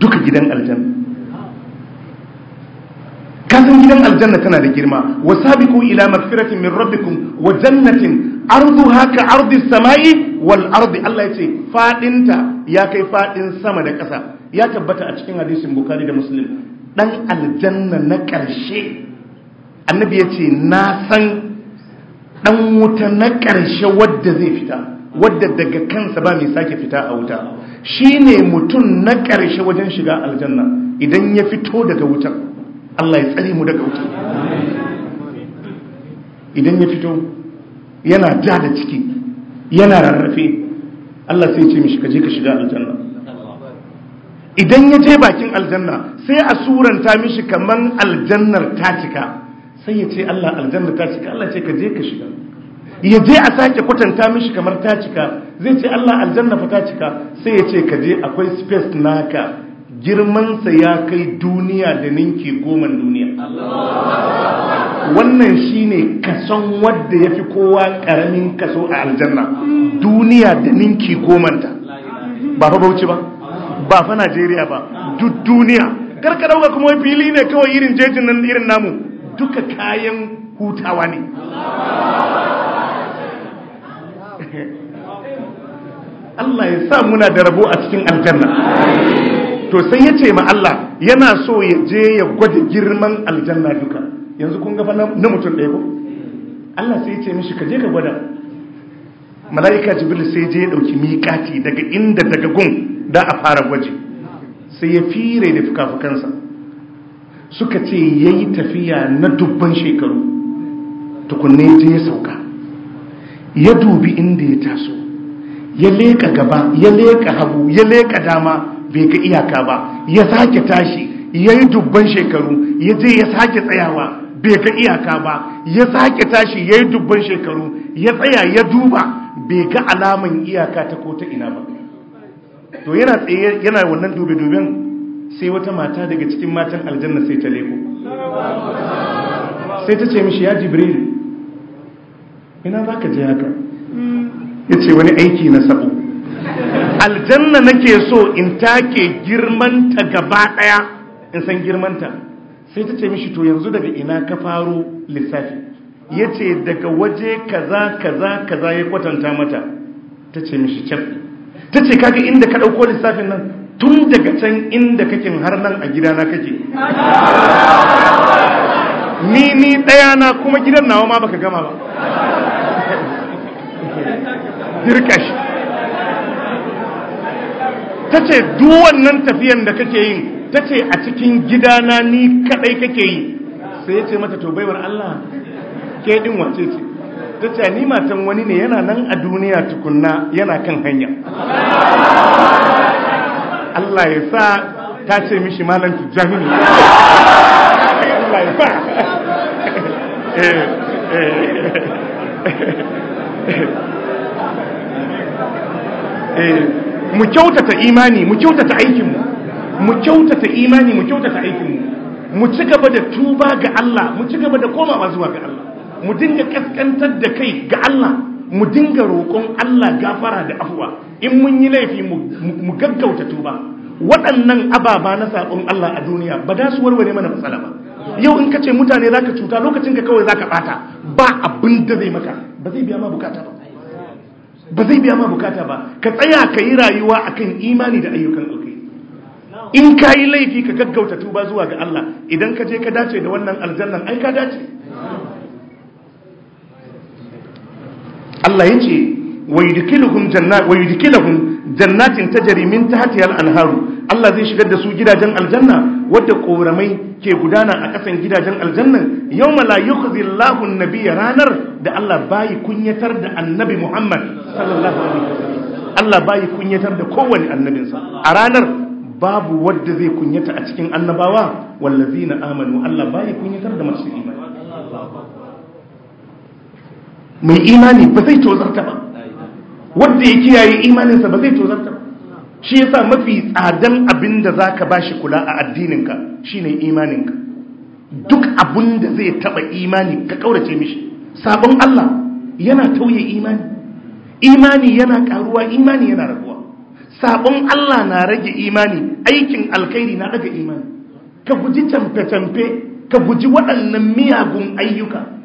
duka gidan aljanna kasan gidan aljanna tana da girma wa ko ila magfiratin min rabbikum wa jannatin arzu haka ardi samai wal ardi Allah ya ce faɗinta ya kai faɗin sama da ƙasa ya tabbata a cikin hadisin bukari da muslim ɗan aljanna na ƙarshe annabi ya ce na san ɗan wuta na ƙarshe wadda zai fita wadda daga kansa ba mai sake fita a wuta Shi ne mutum na ƙarshe wajen shiga aljanna idan ya fito daga wutan, Allah ya tsare mu daga wuta idan ya fito yana ja da ciki yana rarrafe Allah sai ce mishi ka je ka shiga aljanna idan ya je bakin aljanna sai a suranta mishi kaman aljannar ta cika sai ya ce Allah aljannar ta cika Allah ce ka je ka shiga ya je a sake kwatanta mishi kamar ta cika zai ce Allah aljanna fa ta cika sai ya ce ka je akwai space naka sa ya kai duniya da ninki goma duniya wannan shine kason wadda ya fi kowa karamin kaso a aljanna duniya da ninki gomanta ba fa bauchi ba ba fa Najeriya ba duk duniya karka dauka kuma wai fili ne kawai irin jejin nan irin namu duka kayan hutawa ne Allah ya sa muna da rabo a cikin aljanna to sai ya ce ma Allah yana so ya je ya gwada girman aljanna duka yanzu kun ga fa na mutum ɗaya ko Allah sai ya ce mishi ka je ka gwada mala'ika jibril sai je ya dauki miƙati daga inda daga gun da a fara gwaji sai ya fire da fukafukansa suka ce ya yi tafiya na dubban shekaru tukunne ta ya sauka ya dubi inda ya taso ya leka gaba ya leka hagu ya leka dama bai ga iyaka ba ya sake tashi ya yi dubban shekaru ya je ya sake tsayawa bai ga iyaka ba ya sake tashi ya yi dubban shekaru ya tsaya ya duba bai ga alaman iyaka ta ko ta ina ba to yana tsaye yana wannan dubi-dubin sai wata mata daga cikin matan aljanna sai ta leko sai ta ce mishi ya jibril ina za ka je haka mm. ya ce wani aiki na sabo aljanna nake so in take girmanta gaba daya in san girmanta sai ta ce mishi to yanzu daga ina ka faro lissafi ya ce daga waje kaza kaza kaza ya kwatanta mata ta ce mishi cefi ta ce kaga inda ka ɗauko lissafin nan tun daga can inda kakin har nan a gidana kake ni ni ɗaya na kuma gidan nawa ma baka gama ba dirkash ta ce duwannan tafiyan da kake yi ta ce a cikin gidana ni kaɗai kake yi sai ya ce mata to Allah ke ɗin wace ce ta ce ni matan wani ne yana nan a duniya tukunna yana kan hanya Allah ya sa ta ce mishi malam tijjani ne Allah ya sa (laughs) eh, eh. Eh, mu kyautata imani mu kyautata aikinmu mu kyautata imani mu kyautata aikinmu mu ci gaba da tuba ga Allah mu ci gaba da komawa zuwa ga Allah mu dinga kaskantar da kai ga Allah mu dinga roƙon Allah gafara da afuwa in mun yi laifi mu gaggauta tuba waɗannan ababa na saƙon Allah a duniya ba da su warware mana matsala ba yau in ka ce mutane za ka cuta lokacin ka kawai za ka ɓata ba abin da zai maka ba zai biya ma bukata ba ba zai biya ma bukata ba ka tsaya ka yi rayuwa akan imani da ayyukan alkai in ka yi laifi ka gaggauta tuba zuwa ga Allah idan ka je ka dace da wannan aljannan ai ka dace Allah ya ce ويدخلهم جنات jannatin جنات تجري من تحتها الانهار Allah zai shigar da su gidajen aljanna wadda koramai ke gudana a kasan gidajen aljannan yawma la yukhzi Allahu an-nabiyya ranar da Allah bayi kunyatar da annabi Muhammad sallallahu alaihi wasallam Allah bayi kunyatar da kowanne annabinsa a ranar babu wadda zai kunyata a cikin annabawa wallazina amanu Allah bayi kunyatar da masu imani mai imani ba zai tozarta ba wanda ya kiyaye imaninsa ba zai tozarta ba shi yasa mafi tsadan abin da za ka ba shi kula a addininka shi ne imaninka duk abin da zai taɓa imani ka ƙaurace mishi sabon Allah yana tauye imani imani yana ƙaruwa imani yana raguwa sabon Allah na rage imani aikin alkhairi na ɗaga imani ka guji camfe-camfe ka guji waɗannan miyagun ayyuka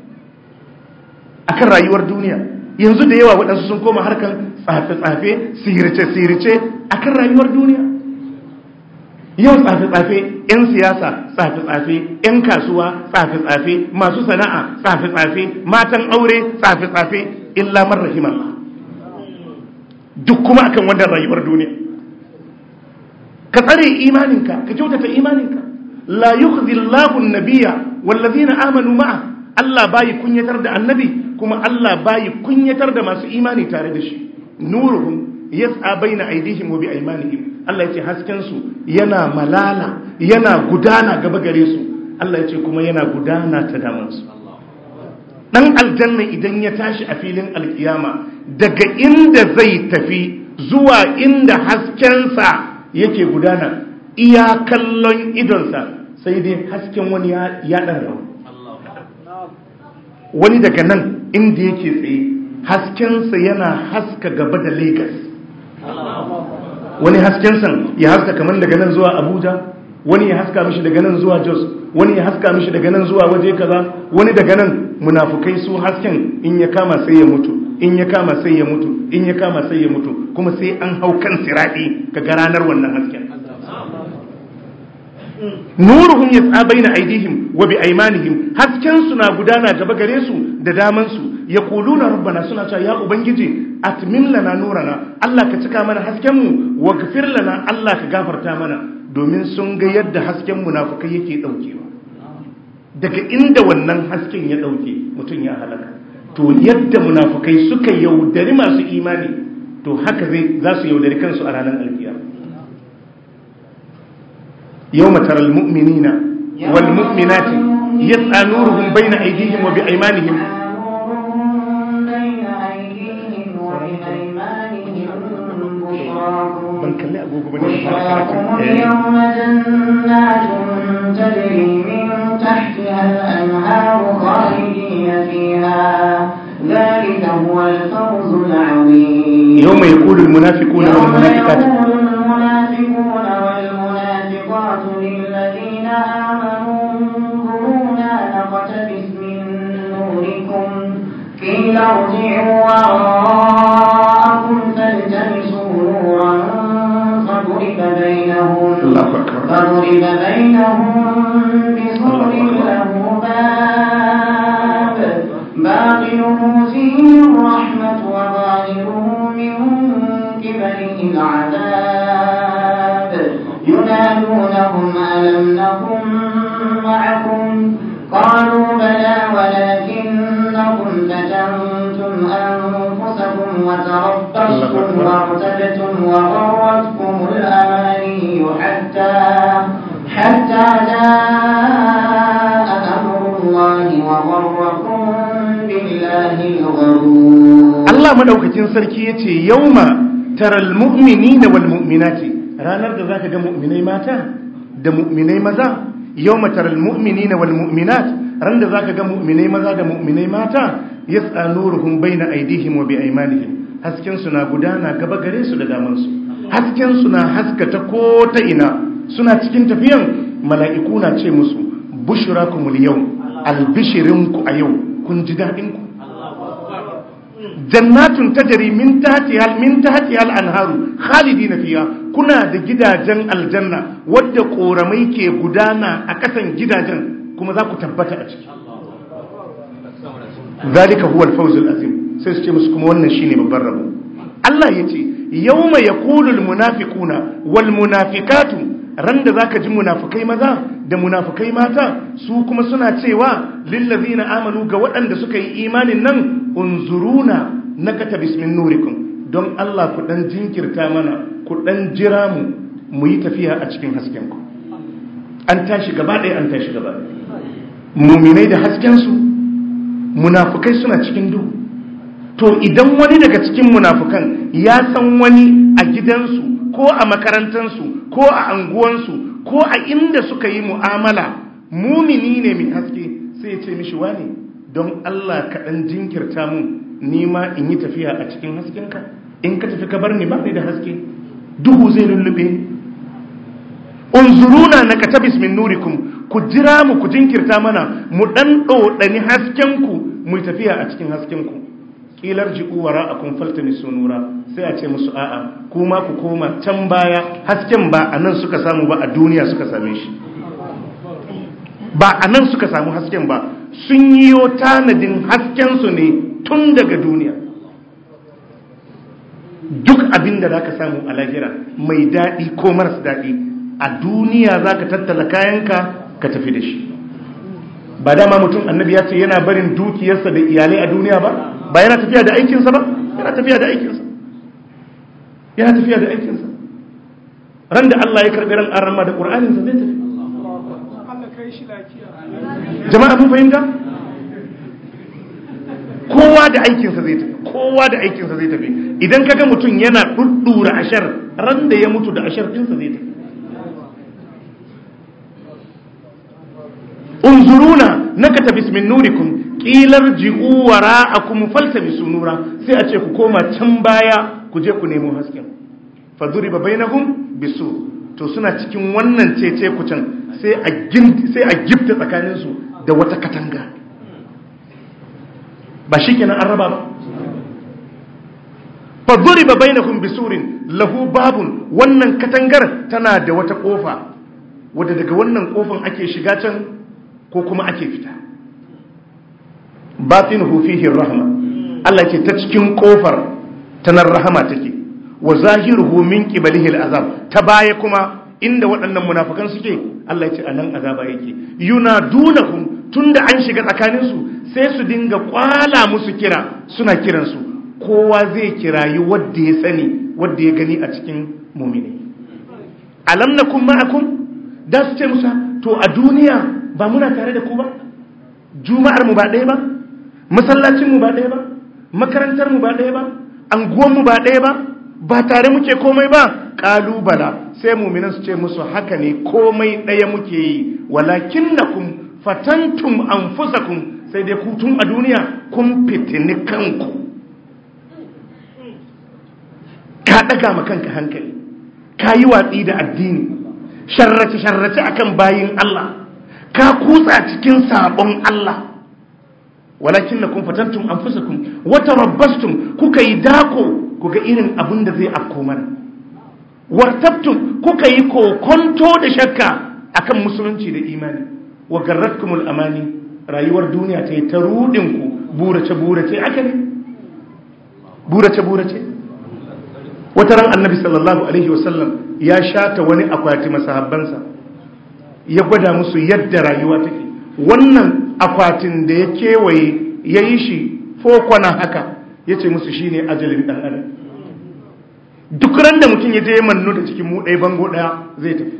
akan rayuwar duniya yanzu da yawa waɗansu sun koma harkar tsafe-tsafe sirice sihirce akan rayuwar duniya yau tsafe-tsafe 'yan siyasa tsafe-tsafe 'yan kasuwa tsafe-tsafe masu sana'a tsafe-tsafe matan aure tsafe-tsafe illa marrahimallah duk kuma akan wannan rayuwar duniya ka tsare imaninka ka kyautata imaninka la yukhzi Allahu an-nabiyya wal ladina amanu ma'a Allah bayi kunyatar da annabi kuma Allah bayi kunyatar da masu imani tare da shi nuruhum yas'a baina aydihim wa bi aymanihim Allah yace hasken su yana malala yana gudana gaba gare su Allah yace kuma yana gudana ta daman su dan aljanna idan ya tashi a filin alkiyama daga inda zai tafi zuwa inda haskensa yake gudana iya kallon idonsa sai dai hasken wani ya dan rauni wani daga nan inda yake tsaye haskensa yana haska gaba da lagos wani haskensa ya haska kamar daga nan zuwa abuja wani ya haska mishi daga nan zuwa jos wani ya haska mishi daga nan zuwa waje kaza wani daga nan munafukai su hasken in ya kama sai ya mutu in ya kama sai ya mutu in ya kama sai ya mutu kuma sai an hau kan siradi ga ranar wannan hasken nuruhum yas'a baina aidihim wa bi aymanihim hasken su na gudana gaba gare su da daman su yaquluna rabbana suna cewa ya ubangiji atmin lana nurana Allah ka cika mana hasken mu Wa waghfir lana Allah ka gafarta mana domin sun ga yadda hasken munafikai yake daukewa daga inda wannan hasken ya dauke mutum ya halaka to yadda munafukai suka yaudari masu imani to haka zai za su yaudari kansu a ranar alkiyar yau mataral mu'minina والمؤمنات يسعى نورهم بين أيديهم وبأيمانهم ban kalli agogo bane da fara karatu yawma ذلك هو الفوز العظيم يوم يقول المنافقون والمنافقات يوم يقول المنافقون ارجعوا وراءكم فالتمسوا نورا فضرب بينهم فضرب بينهم بسور له باب باطنه فيه الرحمة وظاهره من قبله العذاب ينادونهم ألم نكن معكم قالوا بلى ولكنكم وتربصت مرتده وغرتكم الاماني حتى حتى جاء امر الله وغركم بالله الغرور الله مدوكتين سركي يتي يوم ترى المؤمنين والمؤمنات رانر ذاك زاكا مؤمني ماتا da mu'minai maza yawma taral mu'minina wal mu'minat randa zaka ga mu'minai maza da mu'minai mata yas'aluruhum bayna aydihim wa haskensu na gudana gaba gare su da damansu haskensu na haskata ko ta ina suna cikin tafiyan mala'iku na ce musu bushira kumul yau albishirinku a yau kun ji daɗinku jannatun tajari min tahtihal min tahtihal anharu khalidina fiha kuna da gidajen aljanna wadda koramai ke gudana a ƙasan gidajen kuma za ku tabbata a ciki zalika huwa al-fawz azim sai su ce musu kuma wannan shine babban rabo Allah ya ce ya yaqulul munafiquna wal munafikatu ran da ka ji munafikai maza da munafikai mata su kuma suna cewa lil na amanu ga waɗanda suka yi imanin nan unzuruna nakata bismin nurikum don Allah ku dan jinkirta mana ku dan jira mu mu yi tafiya a cikin hasken ku an tashi gaba ɗaya an tashi gaba muminai da haskensu su munafikai suna cikin duhu to idan wani daga cikin munafukan ya san wani a gidansu ko a makarantansu ko a anguwansu ko a inda suka yi mu'amala mumini ne mai haske sai ce mishi wani, don Allah kaɗan jinkirta mu nima in yi tafiya a cikin haskenka in ka tafi ka bar ni ba ni da haske duhu zai lullube unzuruna na katabis min nurikum ku jira mu ku jinkirta mana mu ɗan ɗoɗani haskenku mu tafiya a cikin haskenku kilar jiku wara a kumfalta ne sunura sai a ce musu a'a kuma ku koma can baya hasken ba a nan suka samu ba a duniya suka same shi ba a nan suka samu hasken ba sun yi yo tanadin haskensu ne tun daga duniya duk abin da za ka samu a lahira mai daɗi ko maras daɗi a duniya za ka tattala kayanka ka tafi da shi ba dama mutum annabi ya ce yana barin dukiyarsa da iyalai a duniya ba ba yana tafiya da aikinsa ba yana tafiya da aikinsa yana tafiya da aikinsa ran da Allah ya karɓi ran arama da ƙur'aninsa zai tafi jama'a mun fahimta kowa da aikinsa zai tafi kowa da aikinsa zai tafi idan kaga mutum yana ɗuɗɗura ashar ran da ya mutu da ashar ɗinsa zai tafi unzuruna naka tabis min nurikum ƙilar ji'u wara a kuma bi sunura sai a ce ku koma can baya ku je ku nemo hasken faduri ba bai na hun bisu to suna cikin wannan cece can sai a gifta tsakaninsu da wata katanga ba shi kenan an raba ba faduri ba bai na hun bisurin lahu babun wannan katangar tana da wata kofa wadda daga wannan kofan ake shiga can ko kuma ake fita Batin fihi rahma Allah ce ta cikin kofar ta nan rahama take wa zahiruhu min qibalihi al'azab ta baya kuma inda waɗannan munafikan suke Allah ya ce anan azaba yake yunadunahum tunda an shiga tsakanin su sai su dinga kwala musu kira suna kiran su kowa zai kirayi wanda ya sani wanda ya gani a cikin mu'mini alam nakum ma'akum da su ce musa to a duniya ba muna tare da ku ba juma'ar mu ba ɗaya ba masallacinmu ba ɗaya ba makarantarmu ba ɗaya ba anguwanmu ba ɗaya ba ba tare muke komai ba ƙalubala sai muminan su ce musu haka ne komai ɗaya muke yi walakin na kun fatantum an kun sai dai kutun a duniya kun fitini kanku ka ɗaga ma kanka hankali ka yi watsi da addini sharrace-sharrace akan bayin Allah ka kutsa cikin sabon Allah walakin na kun fatantum an fusakun wata rabbastum kuka yi dako kuga irin abin da zai afko mana wartabtum kuka yi kokonto da shakka akan musulunci da imani wa garratkumul amani rayuwar duniya ta yi ta rudin ku burace burace aka ne burace burace wata ran annabi sallallahu alaihi wasallam ya shata wani akwati masahabbansa ya gwada musu yadda rayuwa take wannan akwatin da ya kewaye ya yi shi fokwana haka ya ce musu shi ne ajalin ɗan duk ran da mutum ya je ya mannu da cikin muɗai bango ɗaya zai tafi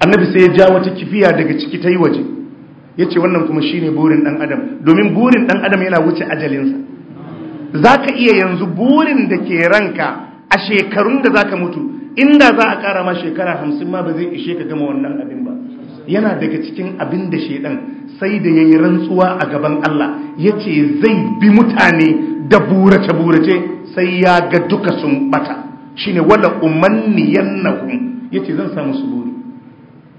annabi sai ya ja wata kifiya daga ciki ta yi waje ya ce wannan kuma shi ne burin ɗan adam domin burin ɗan adam yana wuce ajalinsa za ka iya yanzu burin da ke ranka a shekarun da za ka mutu inda za a ƙara ma shekara hamsin ma ba zai ishe ka gama wannan abin ba yana daga cikin abin da shaiɗan, sai da ya yi rantsuwa a gaban Allah Ya ce zai bi mutane da burace burace sai ya ga duka sun bata shine wala Ya ce zan samu su buri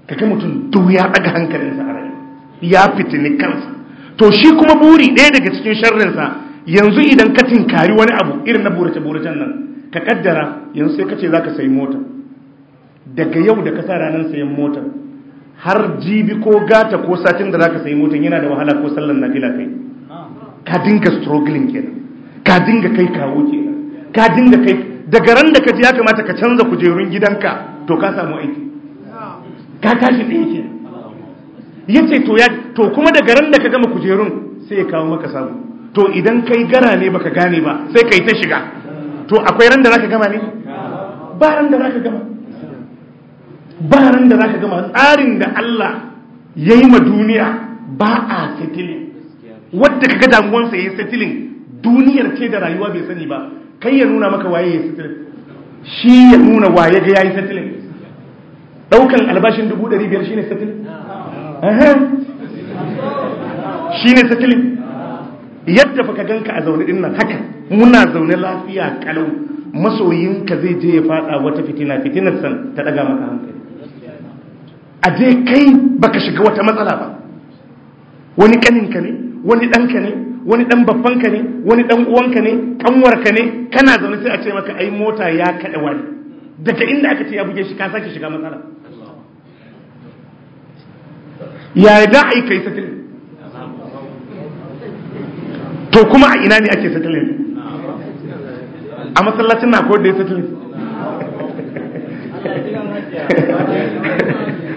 kaga mutum duk ya daga hankalinsa a rayuwa ya fitini kansa to shi kuma buri ɗaya daga cikin sharrinsa yanzu idan ka tinkari wani abu irin na burace buracen nan ka kaddara yanzu sai ka ce za ka sayi mota daga yau da ka sa ranar sayan motar har jibi ko gata ko satin da zaka sayi motan yana da wahala ko sallan nafila kai ka dinga struggling kenan ka dinga kai kawo kenan ka dinga kai daga ran da ka ji ya kamata ka canza kujerun gidanka to ka samu aiki ka tashi ɗaya kenan yace to ya to kuma daga ran da ka gama kujerun sai ya kawo maka samu to idan kai gara ne baka gane ba sai kai ta shiga to akwai ran da zaka gama ne ba ran da zaka gama ba ran da za ka gama tsarin da Allah ya yi ma duniya ba a Wadda ka ga damuwansa yi setilin duniyar ce da rayuwa bai sani ba kai ya nuna maka waye ya yi setilin shi ya nuna waye ga yi setilin daukan albashin dubu biyar shi ne setilin Shi ne setilin yadda fa ka ganka a zaune dinnan haka muna zaune lafiya kalau masoyinka zai je ya fada wata fitina fitinar san ta daga maka hankali a dai kai baka shiga wata matsala ba wani kaninka ne wani ɗanka ne wani ɗan babbanka ne wani ɗan uwanka ne ƙanwarka ne kana zaune sai a ce maka ai mota ya kaɗa wani daga inda aka ce ya buge shi ka sake shiga matsala ya da a yi kai satilin to kuma a ina ne ake satilin a masallacin na kodai satilin (laughs) (laughs)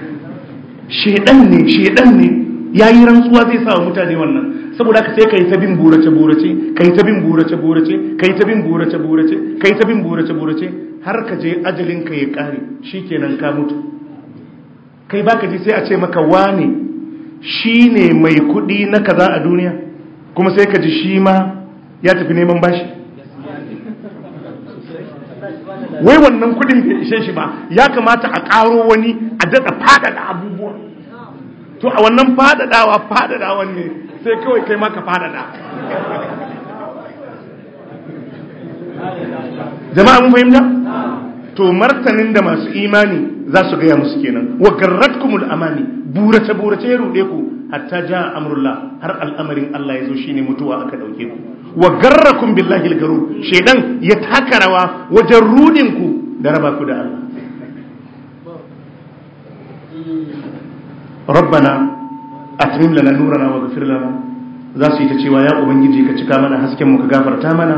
shaidan ne shaidan ne ya yi rantsuwa zai sa wa mutane wannan saboda haka sai kai ta bin burace burace kai ta bin burace burace kai ta bin burace burace kai ta bin burace burace har ka je ajalin ka ya kare shikenan ka mutu kai baka ji sai a ce maka wane shine mai kudi na kaza a duniya kuma sai ka ji shi ma ya tafi neman bashi wai wannan kudin bai ishe shi ba ya kamata a karo wani a daɗa faɗaɗa abubuwa to a wannan fadadawa fadadawan ne sai kawai kai maka fadada jama'a mun fahimta to martanin da masu imani za su gaya musu kenan wa garratkumul amani burace burace ya rude ku hatta ja amrullah har al'amarin Allah ya zo shine mutuwa aka dauke ku wa garrakum billahi al-garur shedan ya taka rawa wajen rudin ku da raba ku da Allah rabbana atmim lana nurana wa ghfir lana za su yi ta cewa ya ubangiji ka cika mana hasken mu ka gafarta mana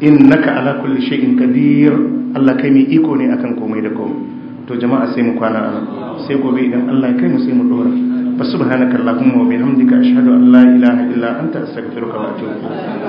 innaka ala kulli shay'in qadir Allah kai mai iko ne akan komai da komai to jama'a sai mu kwana anan sai gobe idan Allah ya kai mu sai mu dora fa subhanakallahumma wa bihamdika ashhadu an la ilaha illa anta astaghfiruka wa atubu